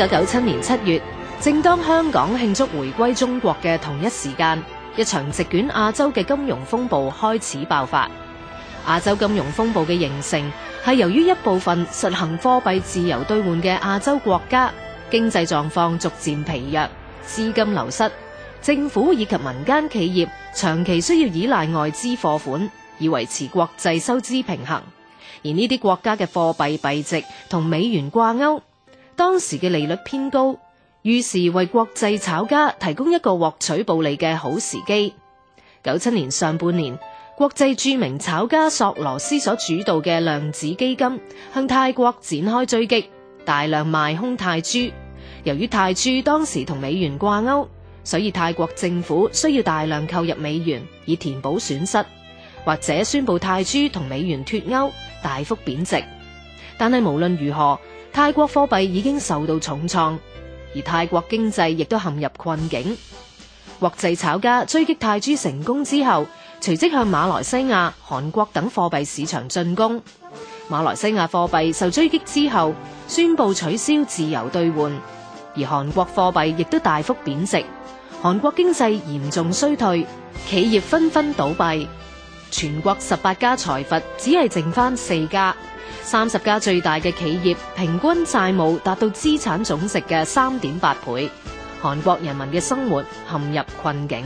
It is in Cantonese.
一九九七年七月，正當香港慶祝回歸中國嘅同一時間，一場席捲亞洲嘅金融風暴開始爆發。亞洲金融風暴嘅形成係由於一部分實行貨幣自由兌換嘅亞洲國家經濟狀況逐漸疲弱，資金流失，政府以及民間企業長期需要依賴外資貨款以維持國際收支平衡，而呢啲國家嘅貨幣幣值同美元掛鈎。當時嘅利率偏高，於是為國際炒家提供一個獲取暴利嘅好時機。九七年上半年，國際著名炒家索羅斯所主導嘅量子基金向泰國展開追擊，大量賣空泰銖。由於泰銖當時同美元掛鈎，所以泰國政府需要大量購入美元以填補損失，或者宣布泰銖同美元脱鈎，大幅貶值。但係無論如何。泰國貨幣已經受到重創，而泰國經濟亦都陷入困境。國際炒家追擊泰銖成功之後，隨即向馬來西亞、韓國等貨幣市場進攻。馬來西亞貨幣受追擊之後，宣布取消自由兌換，而韓國貨幣亦都大幅貶值。韓國經濟嚴重衰退，企業紛紛，紛倒閉，全國十八家財閥只係剩翻四家。三十家最大嘅企業平均債務達到資產總值嘅三點八倍，韓國人民嘅生活陷入困境。